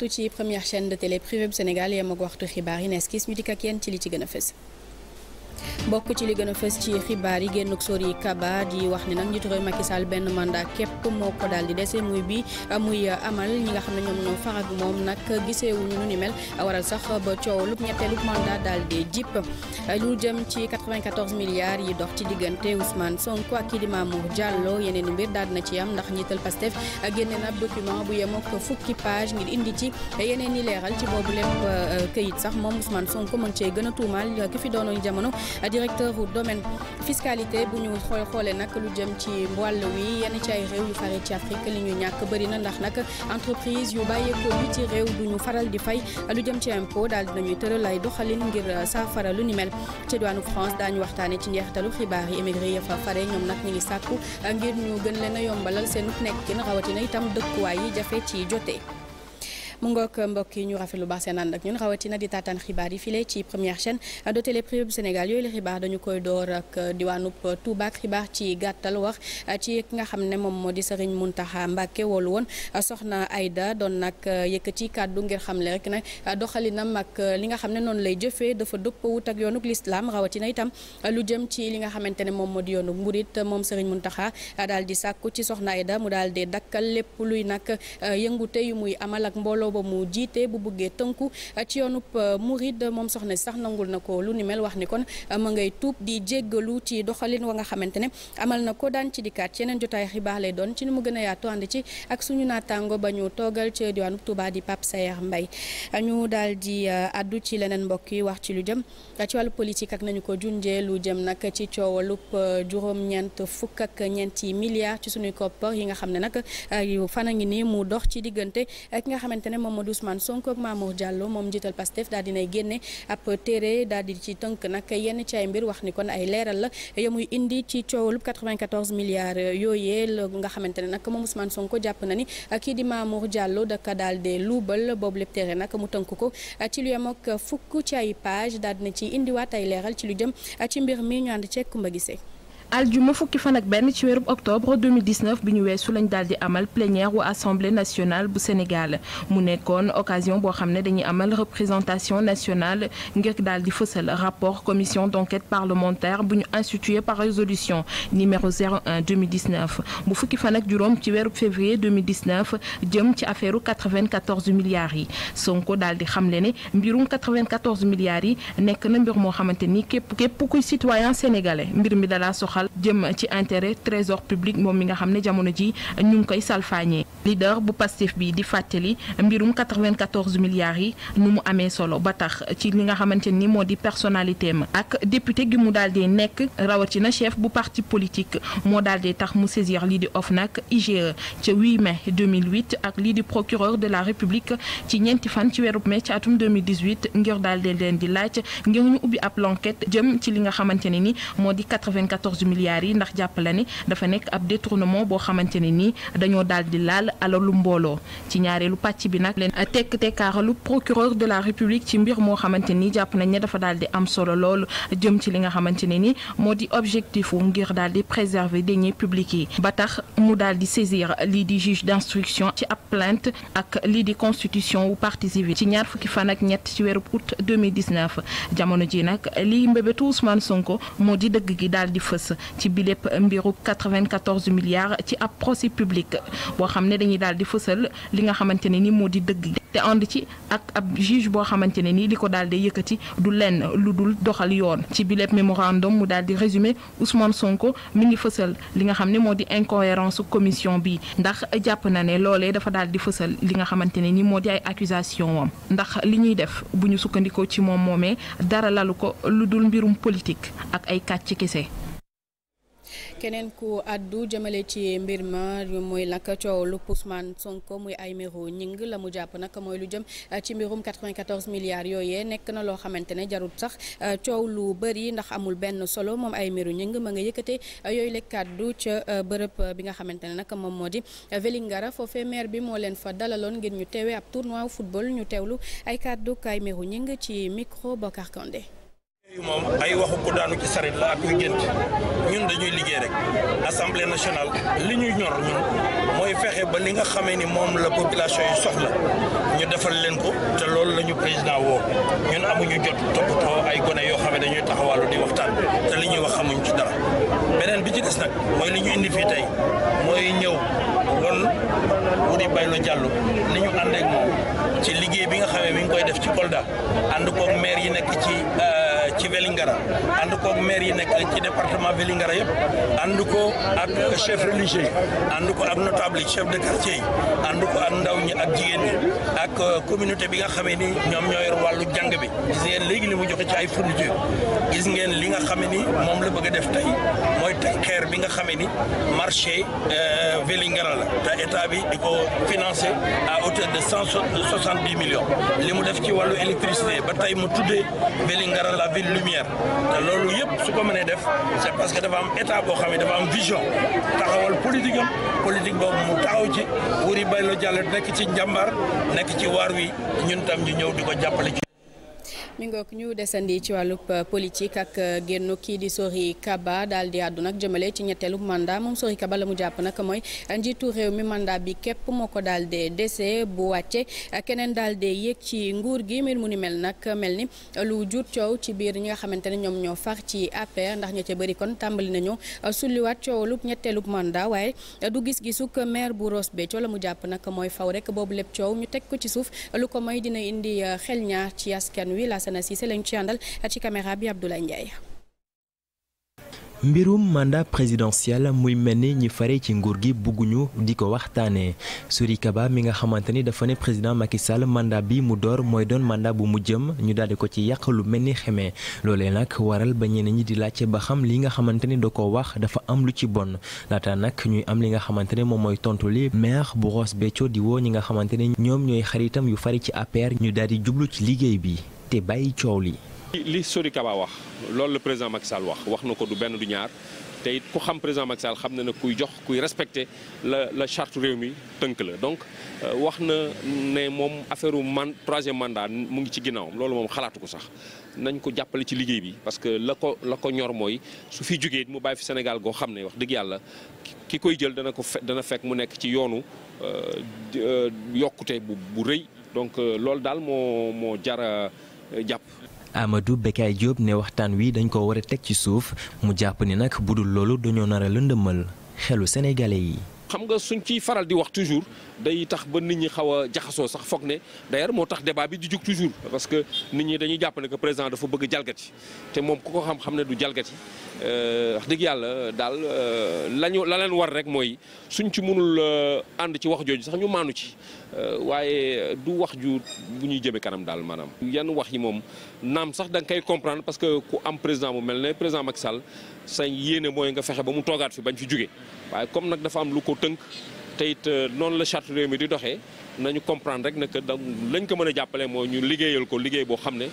waxtu ci première chaîne de télé privée bu Sénégal yem ak waxtu xibaar yi nees gis ñu dikk ak yéen ci li ci gën a fës. bokk ci li gën a fës ci xibaar yi génn Sori Kaba di wax ne nag njiitu réew Macky Sall benn mandat képp moo ko daal di dese muy bi muy amal ñi nga xam ne ñoom ñoo farak moom nag giseewuñu nu ni mel waral sax ba coow lu ñetteelu mandat daal di jip lu jëm ci 94 milliards yi dox ci diggante Ousmane Sonko ak kii di Mamour Diallo yeneen mbir daal na ci am ndax njiital Pastef génne na document bu yemoo ko fukki page ngir indi ci yeneen i leeral ci boobu lépp këyit sax moom Ousmane Sonko mën cee gën a tuumaal ki fi doonoon jamono directeur bu domaine fiscalité bu ñu xool xoolee nag lu jëm ci wàll wi yenn ci ay réew yu fare ci Afrique li ñuy ñàkk bëri na ndax nag entreprise yu bàyyeekoo bi ci réew du ñu faral di fay lu jëm ci impôt daal dinañuy tëral ay doxalin ngir saafara lu ni mel ci diwaanu France daañu waxtaane ci njeextalu xibaar yi émigré ya fa fare ñoom nag ñu ngi sàkku ngir ñu gën leen a yombalal seen nekkin rawatina itam dëkkuwaay yi jafe ci jote mu ngoog mbokk yi ñu rafet lu baax seen ànd ak ñun rawatina di taataan xibaar yi file ci première chaîne de télé privée bu Sénégal yooyu la xibaar dañu koy door ak diwaanub Touba ak ci gàttal wax ci ki nga xam ne moom moo di Serigne Mountakha Mbacké woolu woon soxna Aïda doon nag yëkkati kàddu ngir xamle rek nag doxalinam ak li nga xam ne noonu lay jëfee dafa dëppoowut ak yoonuk lislaam rawatina itam lu jëm ci li nga xamante ne moom moo di yoonuk mburit moom Serigne Mountakha daal di sàkku ci soxna Aïda mu daal di dakkal lépp luy nag yëngute yu muy amal ak mbooloo mbooloo ba mu jiite bu bëggee tënku ci yoonub euh, murid moom soxna si sax nangul na ko lu ni mel wax ni kon euh, ma ngay tuub di jéggalu ci doxalin wa nga xamante ne amal na ko daan ci dikkaat ci yeneen jotaay xibaar lay doon ci ni mu gën a yaatu ànd ci ak suñu naataango ba ñu toogal ci diwaanub Touba di Pape Sayer Mbaye ñu daal di euh, addu ci leneen mbokk yi wax ci lu jëm ci wàllu politique ak nañu ko junjee lu jëm nag ci coowalub juróom-ñeent fukk ak ñeenti yi nga ne nag a ngi nii ne moom moo di Ousmane Sonko ak Mamour Diallo moom njiital Pastef daal dinay génne ab téere daal di ci tënk nag yenn ci mbir wax ni kon ay leeral la ya muy indi ci coowalub 94 milliards yooyee la nga xamante ne nag moom Ousmane Sonko jàpp na ni kii di Mamour Diallo daka daal de luubal boobu lépp téere nag mu tënk ko ci lu yem ak fukk ci ay page daal na ci indiwaat ay leeral ci lu jëm ak ci mbir mi ñu ànd ceeg Kumba Gisee al aljuma fukki fan ak benn ci weerub octobre 2019 ñu weesu lañ daal di amal plénière wu assemblée nationale bu Sénégal mu nekkoon occasion boo xam ne dañuy amal représentation nationale ngir daal di fësal rapport commission d'enquête parlementaire bu ñu institué par résolution numéro 01 2019 bu fukki fan ak juróom ci weerub février 2019 jëm ci affaireu 94 milliards yi Sonko daal di xamle ne mbirum 94 milliards yi nekk na mbir moo xamante ni képp képp kuy citoyen sénégalais mbir mi dala doxal jëm ci intérêt trésor public moom mi nga xam ne jamono ji ñu ngi koy salfaañee leader bu Pastef bi di fàttali mbirum 94 milliards yi nu mu amee solo ba tax ci li nga xamante ni moo di personnalité ma ak député gi mu daal di nekk rawatina chef bu parti politique moo daal di tax mu saisir lii di OFNAC IGE ca 8 mai ak lii di procureur de la république ci ñeenti fan ci weeru mai ci atum ngir daal leen di laaj ngir ñu ubbi ab l'enquête jëm ci li nga xamante ne ni milliards yi ndax jàppale ni dafa nekk ab détournement boo xamante ne nii dañoo daal di laal alalu mbooloo ci ñaareelu pàcc bi nag leen tekk tekkaaralu procureur de la république ci mbir moo xamante ni jàpp nañ ne dafa daal di am solo loolu jëm ci li nga xamante ne moo di objectif wu ngir daal di préserver deniers publics yi ba tax mu daal di saisir li di juge d'instruction ci ab plainte ak lii di constitution wu partie civile ci ñaar fukki fan ak ñett ci weeru août 2019 jamono ji ci bilépp mbiru 94 milliards ci ab procès public boo xam ne dañuy daal di fësal li nga xamante ne nii moo di dëgg te ànd ci ak ab juge boo xamante ne nii li ko daal di yëkkati du lenn lu dul doxal yoon ci bilépp mémorandum mu daal di résumé Ousmane Sonko mu ngi fësal li nga xam ne moo di incohérence commission bi ndax jàpp na ne loolee dafa daal di fësal li nga xamante ne nii moo di ay accusation wam ndax li ñuy def bu ñu sukkandikoo ci moom moomee dara lalu ko lu dul mbirum politique ak ay kàcc kese keneen ku addu jëmale ci mbir ma mooy nag coow lu Ousmane Sonko muy Aymérou Gningue la mu jàpp nag mooy lu jëm uh, ci mbirum 94 milliards yooyee nekk na loo xamante ne jarut sax uh, coow lu bëri ndax amul benn solo moom ay Aymérou ñing ma nga yëkkate uh, yooyu la kàddu ca bërëb bi nga xamante ne nag moom moo di Vélingara foofee maire bi moo leen fa dalaloon ngir ñu teewee ab tournoi football ñu teewlu ay kàddu Aymérou Gningue ci micro Bokar moom ay waxu ko daanu ci sarit la ak kuy gént ñun dañuy liggéey rek assemblée nationale li ñuy ñor ñun mooy fexe ba li nga xamee ni moom la population yi soxla ñu defal leen ko te loolu lañu ñu président woo ñun amuñu jot toppatoo ay gone yoo xam ne dañuy taxawaalu di waxtaan te li ñuy wax xamuñ ci dara beneen bi ci des nag mooy li ñu indi fii tey mooy ñëw won Wouly Baylo Diallo ni ñu ànd ak moom ci liggéey bi nga xamee mi ngi koy def ci Kolda ànd koog ci Vélingara ànd koog maire yi nekk ci département Vélingara yëpp ànd ko ak chef religieux ànd ko ak notable yi chef de quartier yi ànd ko ak ndaw ñi ak jigéen ak euh, communauté bi nga xamee ni ñoom ñoo yor wàllu jàng bi gis ngeen léegi li mu joxe ci ay fourniture gis ngeen li nga xamee ni moom la bëgg a def tey mooy teg xeer bi nga xamee ni marché euh, Vélingara la te état bi di ko financé à hauteur de cent li mu def ci wàllu électricité ba tey mu tuddee Vélingara lumière loolu yëpp su ko mënee def c'est parce que dafa am état boo xam ne dafa am vision taxawal politique am politique boobu mu taxaw ci Woury Baylo Diallo nekk ci njàmbaar nekk ci waar wi ñun tam ñu ñëw di ko jàppale ci mi ngook ñu desandi ci wàllub euh, politique ak euh, génnu kii di Sori Kaba daal di àddu nag jëmale ci ñetteelu mandat moom Sori Kaba la mu jàpp nag mooy njiitu réew mi mandat bi képp moo ko daal di dese bu wàcce keneen daal di yéeg ci nguur gi mu ni mel nag mel ni lu jur coow ci biir ñi nga xamante ne ñoom ñoo far ci APR ndax ña ca kon tàmbali nañu euh, sulliwaat coowalub ñetteelub mandat waaye du gis-gisuk maire bu Ross Béthio la mu jàpp nag mooy faw rek boobu lépp coow ñu teg ko ci suuf lu ko may dina indi xel ñaar ci askan wi Lassana Cissé lañ ci àndal ci caméra bi Abdoulaye Ndiaye. mbirum mandat présidentiel muy mel ni ñi fare ci nguur gi bugguñu di ko waxtaanee suri Kaba mi nga xamante ni dafa ne président Macky Sall mandat bi mu door mooy doon mandat bu mu jëm ñu daal di ko ci yàq lu mel ni xeme loole nag waral ba ñeneen ñi di laajte ba xam li nga xamante ni da ko wax dafa am lu ci bon laata nag ñuy am li nga xamante ne moom mooy tontu li maire bu Ross Béthio di ñi nga xamante ne ñoom ñooy xaritam yu fare ci APR ñu daal di jublu ci liggéey bi. te bàyyi coow li li Sori Kaba wax loolu la président Macky Sall wax wax na ko du benn du ñaar te it ku xam président Macky Sall xam na ne kuy jox kuy respecté la la charte réew mi tënk la donc euh, wax na ne moom affaire man troisième mandat mu ngi ci ginnaawam loolu moom xalaatu ko sax nañ ko jàppale ci liggéey bi parce que la ko la ko ñor mooy su fi jógee mu bàyyi fi Sénégal goo xam ne wax dëgg yàlla ki koy jël dana ko dana fekk mu nekk ci yoonu euh, euh, yokkute bu bu rëy donc loolu daal moo moo jara jàpp. Amadou Bekay Diop ne waxtaan wi dañ ko war a teg ci suuf mu jàpp ni nag bu dul loolu dañoo nar a lëndëmal xelu sénégalais yi. xam nga suñ ciy faral di wax toujours day tax ba nit ñi xaw a jaxasoo sax foog ne d'ailleurs moo tax débat bi di jug toujours parce que nit ñi dañuy jàpp ne que président dafa bëgg jalgati te moom ku ko xam-xam ne du jalgati euh, wax dëgg yàlla daal euh, lañu la leen war rek mooy suñ ci mënul euh, ànd ci wax jooju sax ñu maanu ci waaye du wax ju bu ñuy jëmee kanam daal maanaam yan wax yi moom naam sax da nga koy comprendre parce que ku am président bu mel ne président Macky Sall sañ yéene mooy nga fexe ba mu toogaat fi bañ fi jóge waaye comme nag dafa am lu ko tënk te it euh, noonu la charte réew mi di doxee nañu comprendre rek ne que lañ ko mën a jàppale moo ñu liggéeyal ko liggéey boo xam ne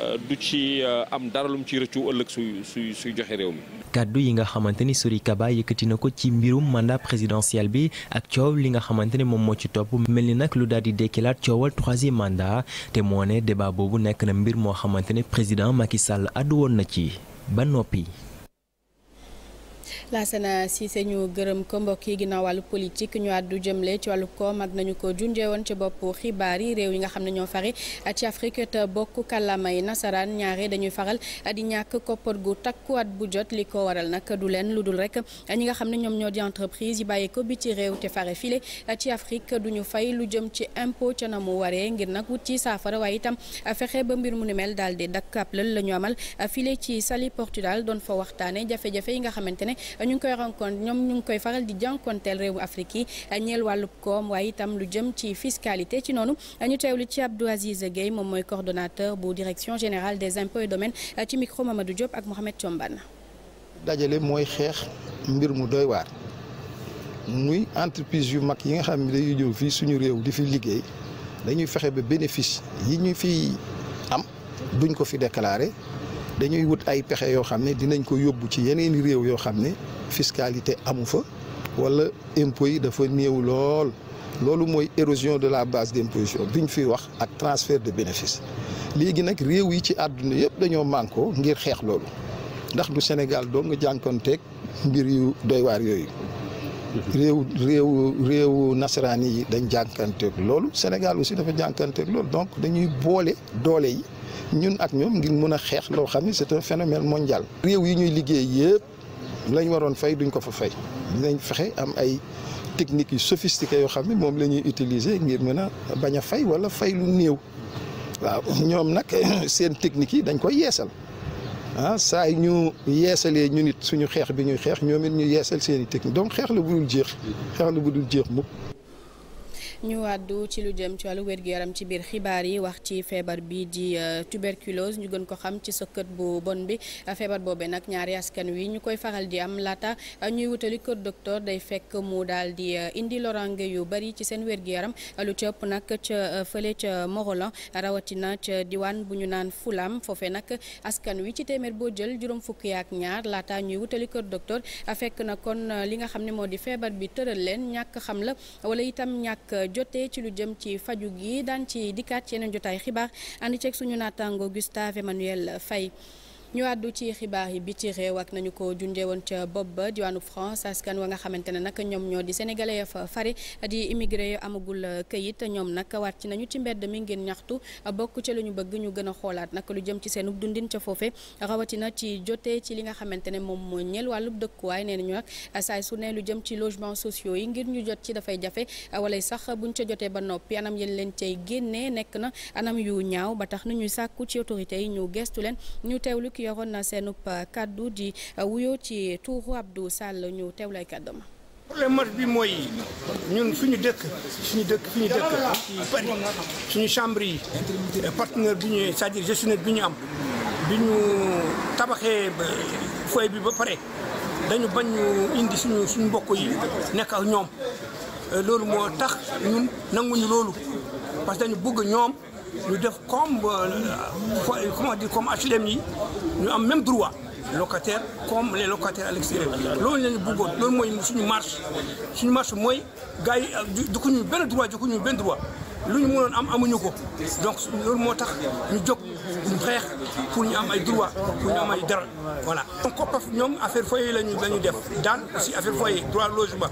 euh, du ci euh, am dara lu ci rëccu ëllëg suy suy suy joxe réew mi. kàddu yi nga xamante ni Sory Kaba yëkkati na ko ci mbirum mandat présidentiel bi ak coow li nga xamante ne moom moo ci topp mel ni nag lu daal di dekkilaat coowal troisième mandat te moo ne débat boobu nekk na mbir moo xamante ne président Macky Sall àddu na ci ba noppi. na Lassana se ñu gërëm ko mbokk yi ginnaaw wàllu politique ñu àddu jëmle ci wàllu koom ak nañu ko junjee woon ci boppu xibaar yi réew yi nga xam ne ñoo fari ci Afrique te bokk kàllaamay nasaraan ñaare dañuy faral di ñàkk koppar gu takku bu jot li ko waral nag du leen lu dul rek ñi nga xam ne ñoom ñoo di entreprise yi bàyyi ko bi ci réew te fare file ci Afrique duñu fay lu jëm ci impôt ca na mu waree ngir nag wut ci saafara waaye itam fexe ba mbir mu ni mel daal di dakk ab lël la ñu amal file ci Saly Portudal doon fa waxtaane jafe-jafe yi nga xamante ne ñu ngi koy rencontre ñoom ñu ngi koy faral di jànkonteel réewu Afrique yi ñeel wàllu koom waaye itam lu jëm ci fiscalité ci noonu teew teewlu ci Abdou Aziz Gueye moom mooy coordonnateur bu direction générale des impôts et domaines ci micro Mamadou Diop ak Mohamed Thiombane. dajale mooy xeex mbir mu doy waar muy entreprise yu mag yi nga xam ne dañuy ñëw fii suñu réew di fi liggéey dañuy fexe ba bénéfice yi ñu fiy am duñ ko fi déclaré dañuy wut ay pexe yoo xam ne dinañ ko yóbbu ci yeneen réew yoo xam ne fiscalité amu fa wala impôts yi dafa néew lool loolu mooy érosion de la base d'imposition bi ñu fiy wax ak transfert de bénéfice léegi nag réew yi ci àdduna yëpp dañoo mànkoo ngir xeex loolu ndax du Sénégal doo nga jànkoonteeg mbir yu doy waar yooyu réew réew réewu nasaraani yi dañ jànkanteeg loolu Sénégal aussi dafa jànkanteeg loolu donc dañuy boole doole yi ñun ak ñoom ngir mun a xeex loo xam ne c'est un phénomène mondial. réew yi ñuy liggéey yëpp lañ waroon fay duñ ko fa fay dinañ fexe am ay techniques yu sophistiquées yoo xam ne moom la ñuy utiliser ngir mën a bañ a fay wala fay lu néew waaw ñoom nag seen techniques yi dañ koy yeesal. ah saa yu ñu yeesalee ñu nit suñu xeex bi ñuy xeex ñoom it ñu yeesal seen i technique donc xeex la budul jeex xeex la budul jeex mukk ñu wàddu ci lu jëm ci wàllu wér yaram ci biir xibaar yi wax ci feebar bi di euh, tuberculose ñu gën ko xam ci sëkkët bu bon bi feebar boobe nag ñaari askan wi ñu koy faral di am laata euh, ñuy wutali kër docteur day fekk mu daal di euh, indi lorange yu bari ci seen wér-gu-yaram lu ci ëpp nag ca fële ca rawatina ca diwaan bu ñu naan Fulam foofee nag askan wi ci téeméer boo jël juróom fukki ak ñaar laata ñuy wutali kër docteur fekk na kon li nga xam ne moo di feebar bi tëral leen ñàkk xam la wala itam ñàkk jotee ci lu jëm ci faju gi daan ci dikkaat ci yeneen jotaay xibaar ànd ceeg suñu naataango Gustave Emmanuel Faye ñu àddu ci xibaar yi bi ci réew ak nañu ko junjee woon ca bopp ba diwaanu France askan wa nga xamante ne nag ñoom ñoo di sénégalais fa fari di immigré yu amagul këyit ñoom nag wàcc nañu ci mbedd mi ngeen ñaxtu bokk ca lu ñu bëgg ñu gën a xoolaat nag lu jëm ci seenu dundin ca foofe rawatina ci jotee ci li nga xamante ne moom moo ñeel wàllub dëkkuwaay nee nañu nag saay su ne lu jëm ci logement sociaux yi ngir ñu jot ci dafay jafe walay sax buñ ca jotee ba noppi anam yéen leen cay génnee nekk na anam yu ñaaw ba tax na ñuy sàkku ci autorité yi ñu gestu leen ki yoroon na seenub euh, kàddu di euh, wuyoo ci tuuru Abdou Sall ñu teewlay kàddam problème mat bi mooy ñun fi ñu dëkk suñu dëkk fi dëkk Paris suñu chambre yi euh, partenaire bi ñu c'est-à-dire bi ñu am bi ñu tabaxee foyer bi ba pare dañu bañ ñu indi suñu suñu yi nekk ak ñoom loolu moo tax ñun nanguñu loolu parce dañu bëgg ñoom ñu def comme euh, comment dire comme HLM yi ñu am même droit locataire comme le locataires à l'extérieur loolu la ñu bëggoon loolu mooy suñu marche suñu marche mooy gars yi joxuñu benn droit joxuñu benn droit lu ñu mënoon am amuñu ko donc loolu moo tax ñu jog ñu xeex pour ñu am ay droit pour ñu am ay dara voilà. donc koppaf ñoom affaire foyer la ñu la ñu def daan aussi affaire foyer droit logement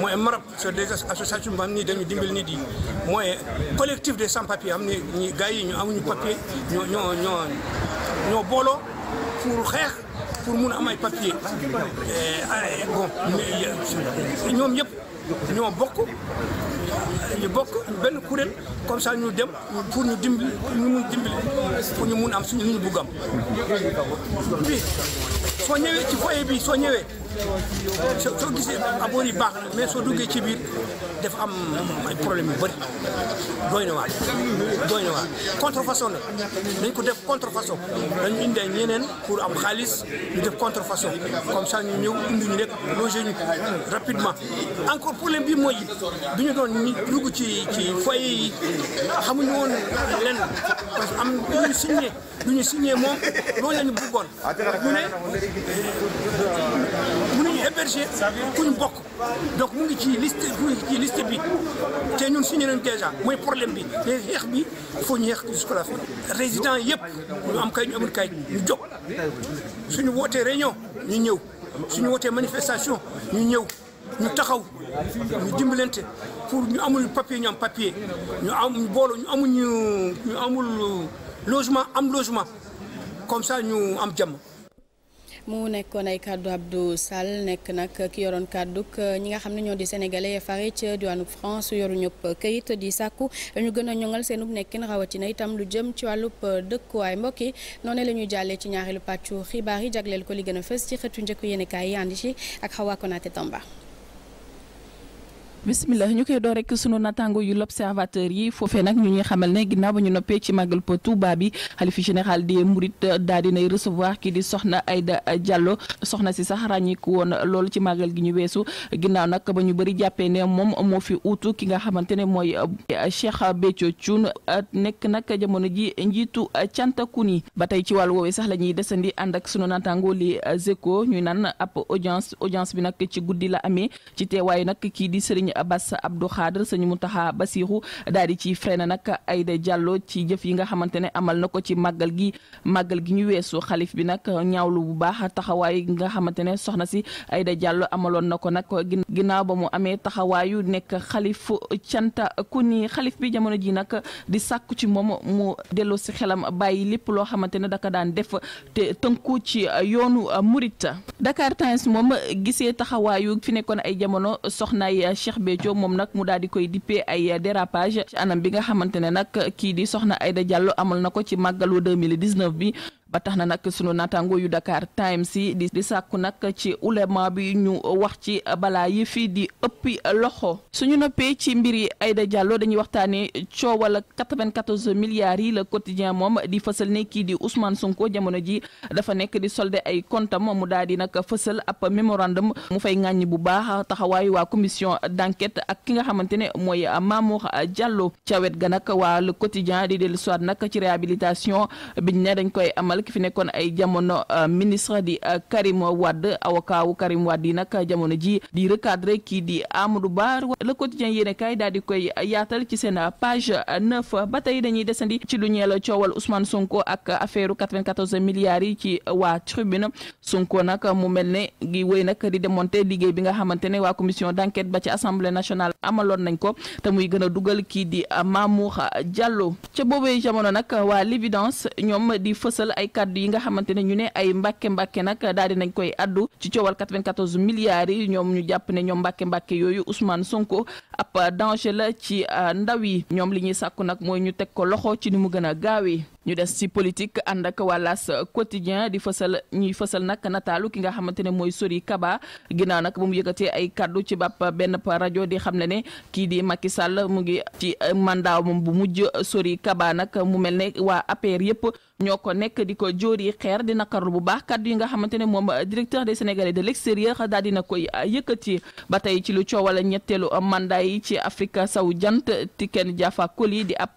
mooy marab sur des associations yoo xam ni dañu dimbali nit yi mooy collectif des sans papiers am ni ñi gars yi ñu amuñu papier ñoo ñoo ñoo ñoo booloo pour xeex. pour mun am ay papier bon euh, ñoom yëpp ñoo bokk ñu bokk benn kuréel comme ça ñu dem pour ñu dimbali ñu mun dimbali pour ñu mun am suñu lu ñu bugg am. bi soo ñëwee ci foyer bii soo ñëwee. soo soo gisee aboor baax na mais soo duggee ci biir dafa am ay problème yu bëri doy na waar doy na waar contrefaçon la dañ ko def contrefaçon dañu indi ay ñeneen pour am xaalis ñu def contrefaçon comme ça ñu ñëw indi ñu rek loger ñu rapidement encore problème bi mooy bi ñu doon ñu dugg ci ci foyer yi xamuñu woon lenn am lu ñu signé lu ñu signé moom loolu la ñu bëggoon ñu ne héberger kuñ bokk donc mu ngi ci liste mu ngi ci liste bi te ñun signé nañ déjà mooy problème bi mais xeex bi il faut ñu xeex jusqu'à la résident yëpp ñu am kay ñu amul kay ñu jóg suñu wootee réunion ñu ñëw suñu wootee manifestation ñu ñëw ñu taxaw ñu dimbalante pour ñu amul papier ñu am papier ñu am booloo ñu amul ñu amul logement am logement comme ça ñu am jàmm mu nekkoon ay kàddu Abdou Sall nekk nag ki yoroon kàdduk ñi nga xam ne ñoo di sénégalais ya fari ca diwaanu France yoru ñëpp këyit di sàkku ñu gën a ñoŋal seenub nekkin rawatina itam lu jëm ci wàllub dëkkuwaay mbokk yi noonu la ñuy jàllee ci ñaareelu pàccu xibaar yi jagleel ko li gën a fës ci xëtu njëkk yéenekaay yi àndi ci ak Hawa Konaté Tamba bisimilah ñu koy door rek sunu natango yu l'observateur yi foofee nag ñu ñuy xamal ne ginnaaw ba ñu noppee ci màggal po Touba bi xalifa général des Mourides daal di nay recevoir kii di soxna Aïda Diallo soxna si sax ràññiku woon loolu ci màggal gi ñu weesu ginnaaw nag ba ñu bëri jàppee ne moom moo fi uutu ki nga xamante ne mooy eh, Cheikh Béthio Thioune eh, nekk nag jamono ji njiitu cantakun eh, yi ba tey ci wàllu woowee sax la ñuy desandi ànd ak sunu natango li Zeko ñuy naan ab audience bi nag ci guddi la amee Bass Abdou Khadre sëñ Mountakha Bassirou daal di ci na nag Aïda Diallo ci jëf yi nga xamante ne amal na ko ci màggal gi màggal gi ñu weesu xalif bi nag ñaawlu bu baax taxawaay nga xamante ne soxna si ayda Diallo amaloon na ko nag ginnaaw ba mu amee taxawaayu nekk xalif canta ku ni xalif bi jamono ji nag di sàkku ci moom mu delloo si xelam bàyyi lépp loo xamante ne daka daan def te tënku ci yoonu murit Dakar Times moom gisee taxawaayu fi nekkoon ay jamono Béthio moom nag mu daal di koy dippee ay dérapage ci anam bi nga xamante ne nag kii di soxna Aïda Diallo amal na ko ci màggalu 2019 bi ba tax na nag sunu naataango yu Dakar Times yi di di sàkku nag ci ulema bi ñu wax ci balaa yi fii di ëpp loxo suñu noppee ci mbiri Aïda Diallo dañuy waxtaanee coowal 94 milliards yi le quotidien moom di fësal ne kii di Ousmane Sonko jamono ji dafa nekk di solde ay comptam mu daal di nag fësal ab mémorandum mu fay ŋàññi bu baax a taxawaayu waa commission d'enquête ak ki nga xamante ne mooy Mamour Diallo ca wet ga nag waa le quotidien di dellu soit nag ci réhabilitation Sall ki fi nekkoon ay jamono euh, ministre di euh, Karim Wade avocat wu Karim Wade yi nag jamono ji di recadré kii di Amadou Ba le quotidien yéen kay daal koy yaatal ci seen euh, page neuf ba tey dañuy desandi ci lu ñeel coowal Ousmane Sonko ak affaire milliards yi ci waa tribune Sonko nag mu mel ne gi wéy nag di démonter liggéey bi nga xamante ne waa commission d'enquête ba ci assemblée nationale amaloon nañ ko te muy gën dugal kii di Mamour Diallo ca ay kaddu yi nga xamante ne ñu ne ay mbàkke mbàkke nag daal di nañ koy addu ci coowal 94 milliards yi ñoom ñu jàpp ne ñoom mbàkke mbàkke yooyu Ousmane Sonko ab danger la ci euh, ndaw yi ñoom li ñuy sàkku nag mooy ñu teg ko loxo ci ni mu gën a gaawee ñu des ci politique ànd ak wàllaas quotidien di fësal ñuy fësal nag nataalu ki nga xamante ne mooy Sori Kaba ginnaaw nag bu mu yëkkatee ay kaddu ci bàpp benn rajo di xam ne ne kii di Macky sàll mu ngi ci mandaa moom bu mujj Sori Kaba nag mu mel ne waa APR yëpp ñoo ko nekk di ko jóori xeer di nakarlu bu baax kaddu yi nga xamante ne moom directeur de Sénégalais de l'extérieur daal dina koy yëkkati ba tey ci lu wala ñetteelu mandat yi ci Afrique saw jant Tiken Jah Fakoly di ab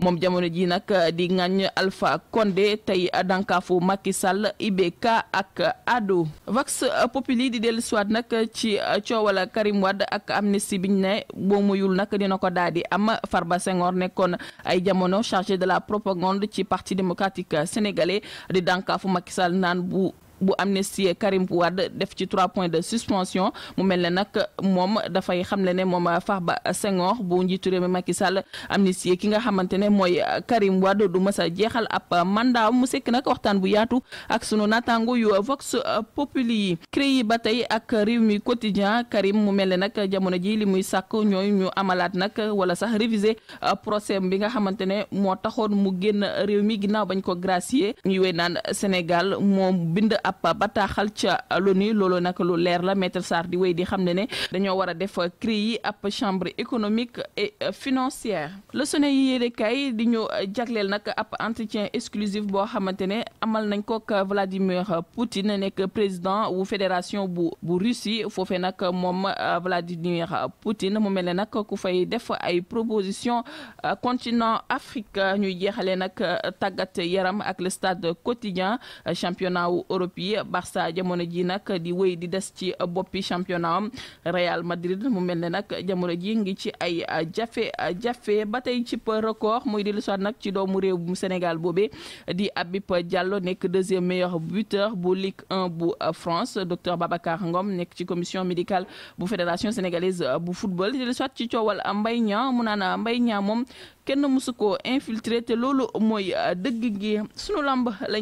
moom jamono ji nag di ngañ Alpha Condé tey dànkaafu Macky Sall IBK ak ADO Vox Populi di dellu siwaat nag ci coowal Karim Wade ak amnistie biñ ne boo muyul nag dina ko daal di am Farba Senghor nekkoon ay jamono chargé de la propagande ci parti démocratique sénégalais di dànkaafu Macky naan bu bu amnistie Karim Wade def ci trois points de suspension mu mel ne nag moom dafay xamle ne moom Farba Senghor bu njiitu réew mi Macky Sall amnistie ki nga xamante ne mooy Karim Wade du mës a jeexal ab mandat mu sekk nag waxtaan bu yaatu ak sunu naataango yu Vox Populi yi cré ba tey ak réew mi quotidien Karim mu mel ne nag jamono ji li muy sàkk ñooy ñu amalaat nag wala sax réviser procès bi nga xamante ne moo taxoon mu génn réew mi ginnaaw bañ ko gracier ñuy wey naan Sénégal moo bind ab bataaxal ca l'ONU loolu nag lu leer la maître Sarr di wéy di xam ne ne dañoo war a def CREI yi ab chambre économique et financière le Soleil yi yéenekaay di ñu jagleel nag ab entretien exclusif boo xamante ne amal nañ ko ak Vladimir Poutine nekk président wu fédération bu bu Russie foofe nag moom euh, Vladimir Poutine mu mel ne nag ku fay def ay proposition euh, continent Afrique ñuy jeexale nag euh, tàggat yaram ak le stade quotidien championnat wu Europe yi Barça jamono ji nag di wéy di des ci boppi championnat am Real Madrid mu mel ne nag jamono ji ngi ci ay jafe-jafe ba tey ci record muy dellu soit nag ci doomu réew bu Sénégal boobee di Habib Diallo nekk deuxième meilleur buteur bu Ligue 1 bu France docteur Babacar Ngom nekk ci commission médicale bu fédération sénégalaise bu football dellu soit ci coowal Mbaye Niang mu naan Mbaye Niang moom kenn mësu ko infiltré te loolu mooy dëgg gi sunu lamb la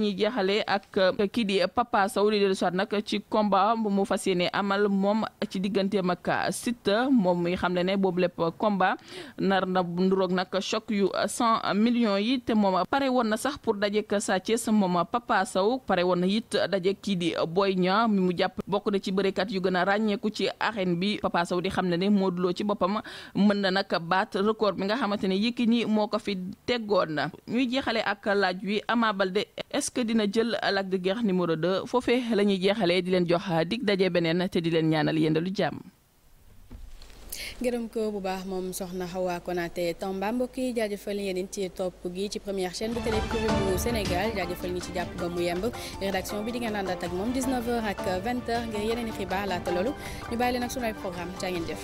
Papa Sow li dellu soit nag ci combat bu mu fas yéene amal moom ci digganteem ak Siteu moom muy xam ne boobu lépp combat nar na nduroog nag choc yu cent millions yi te moom pare woon na sax pour dajek Sa Thiès moom Papa Sow pare woon na it dajek kii di Boy Niang mi mu jàpp bokk na ci bërekat yu gën a ràññeeku ci arène bi Papa di xam le ne Modou Lo ci boppam mën na nag baat record bi nga xamante ne Yékini moo ko fi teggoon ñuy jeexale ak laaj wi Ama Baldé foofee la ñuy jeexalee di leen jox dig daje beneen te di leen ñaanal yendalu jàmm. gërëm ko bu baax moom soxna Hawa Konaté Tamba mbokk yi jaajëfal yéen ci topp gi ci première chaîne bu télé privé bu Sénégal jaajëfal ñi ci jàpp ba mu yemb rédaction bi di naan àndaat ak moom 19h ak 20h ngir yeneen i xibaar laata loolu ñu bàyyi leen ak sunu ay programme jaa ngeen jëf.